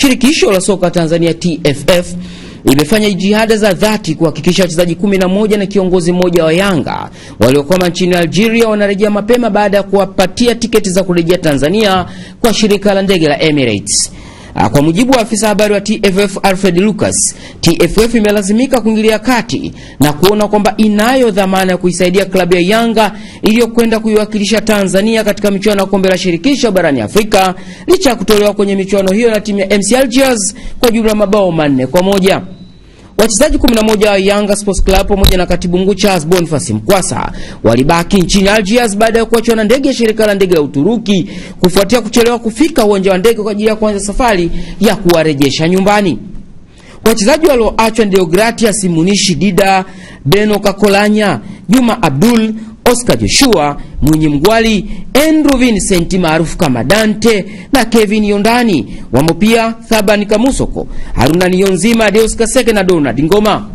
Shirikisho la soka Tanzania TFF limefanya jitihada za dhati kuhakikisha wachezaji 11 na kiongozi mmoja wa Yanga waliokwama nchini Algeria wanarejea mapema baada ya kuwapatia tiketi za kurejea Tanzania kwa shirika la ndege la Emirates. Ah, kwa mujibu wa afisa habari wa TFF Alfred Lucas, TFF imelazimika kuingilia kati na kuona kwamba inayo dhamana ya kuisaidia klabu ya Yanga iliyokwenda kuiwakilisha Tanzania katika michuano ya kombe la shirikisho barani Afrika licha ya kutolewa kwenye michuano hiyo na timu ya MC Algiers kwa jumla mabao manne kwa moja. Wachezaji 11 wa Yanga Sports Club pamoja na katibu mkuu Charles Boniface Mkwasa walibaki nchini Algiers baada ya kuachwa na ndege ya shirika la ndege la Uturuki kufuatia kuchelewa kufika uwanja wa ndege kwa ajili ya kuanza safari ya kuwarejesha nyumbani. Wachezaji walioachwa ndio Gratias Munishi, Dida Beno, Kakolanya, Juma Abdul, Oscar Joshua Mwinyi Mgwali, Andrew Vincent maarufu kama Dante na Kevin Yondani, wamo pia Thabani Kamusoko, Haruna Niyonzima, Deus Kaseke na Donald Ngoma.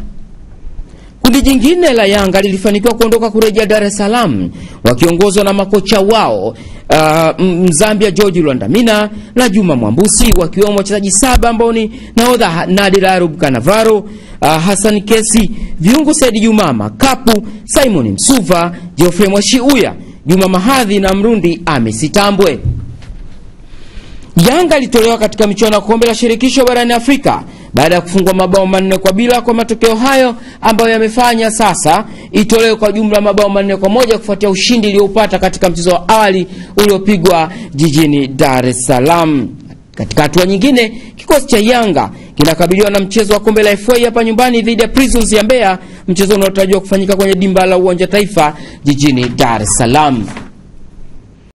Kundi jingine la Yanga lilifanikiwa kuondoka kurejea Dar es Salaam wakiongozwa na makocha wao uh, Mzambia George Lwandamina na Juma Mwambusi, wakiwemo wachezaji saba ambao ni nahodha Nadir Arub Kanavaro, uh, Hassan Kesi, viungu Said Jumama Kapu, Simon Msuva, Geoffrey Mwashiuya Juma Mahadhi na Mrundi amesitambwe. Yanga litolewa katika michuano ya kombe la shirikisho barani Afrika baada ya kufungwa mabao manne kwa bila kwa matokeo hayo ambayo yamefanya sasa itolewe kwa jumla mabao manne kwa moja kufuatia ushindi iliyopata katika mchezo wa awali uliopigwa jijini Dar es Salaam. Katika hatua nyingine, kikosi cha Yanga kinakabiliwa na mchezo wa kombe la FA hapa nyumbani dhidi ya Prisons ya Mbeya, mchezo unaotarajiwa kufanyika kwenye dimba la uwanja Taifa jijini Dar es Salaam.